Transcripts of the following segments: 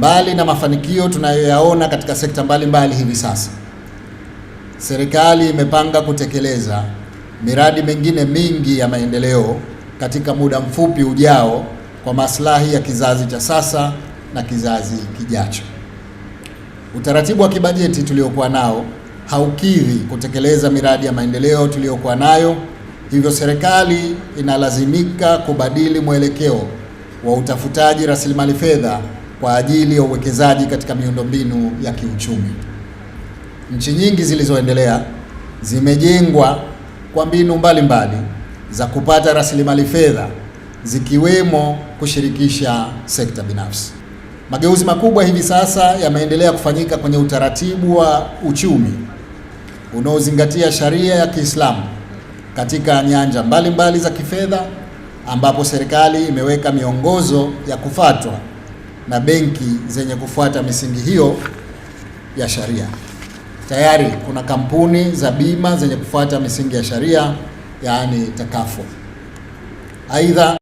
Mbali na mafanikio tunayoyaona katika sekta mbalimbali mbali hivi sasa, serikali imepanga kutekeleza miradi mingine mingi ya maendeleo katika muda mfupi ujao kwa maslahi ya kizazi cha sasa na kizazi kijacho. Utaratibu wa kibajeti tuliokuwa nao haukidhi kutekeleza miradi ya maendeleo tuliyokuwa nayo, hivyo serikali inalazimika kubadili mwelekeo wa utafutaji rasilimali fedha kwa ajili ya uwekezaji katika miundombinu ya kiuchumi. Nchi nyingi zilizoendelea zimejengwa kwa mbinu mbalimbali za kupata rasilimali fedha zikiwemo kushirikisha sekta binafsi. Mageuzi makubwa hivi sasa yameendelea kufanyika kwenye utaratibu wa uchumi unaozingatia sharia ya Kiislamu katika nyanja mbalimbali mbali za kifedha ambapo serikali imeweka miongozo ya kufuatwa na benki zenye kufuata misingi hiyo ya sharia. Tayari kuna kampuni za bima zenye kufuata misingi ya sharia, yaani takafo. Aidha,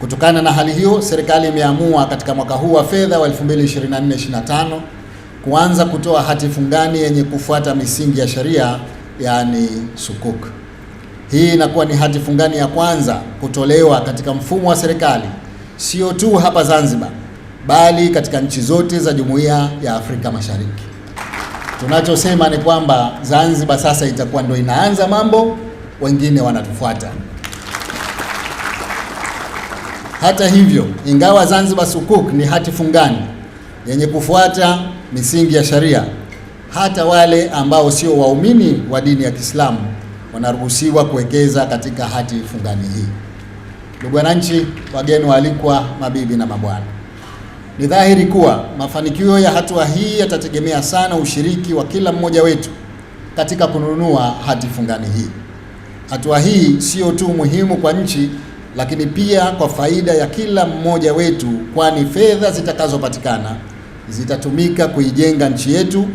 kutokana na hali hiyo, serikali imeamua katika mwaka huu wa fedha wa 2024/2025 kuanza kutoa hati fungani yenye kufuata misingi ya sharia, yaani sukuk. Hii inakuwa ni hati fungani ya kwanza kutolewa katika mfumo wa serikali, sio tu hapa Zanzibar bali katika nchi zote za Jumuiya ya Afrika Mashariki. Tunachosema ni kwamba Zanzibar sasa itakuwa ndio inaanza mambo, wengine wanatufuata. Hata hivyo, ingawa Zanzibar sukuk ni hati fungani yenye kufuata misingi ya sharia, hata wale ambao sio waumini wa dini ya Kiislamu wanaruhusiwa kuwekeza katika hati fungani hii. Ndugu wananchi, wageni waalikwa, mabibi na mabwana ni dhahiri kuwa mafanikio ya hatua hii yatategemea sana ushiriki wa kila mmoja wetu katika kununua hati fungani hii. Hatua hii sio tu muhimu kwa nchi, lakini pia kwa faida ya kila mmoja wetu, kwani fedha zitakazopatikana zitatumika kuijenga nchi yetu.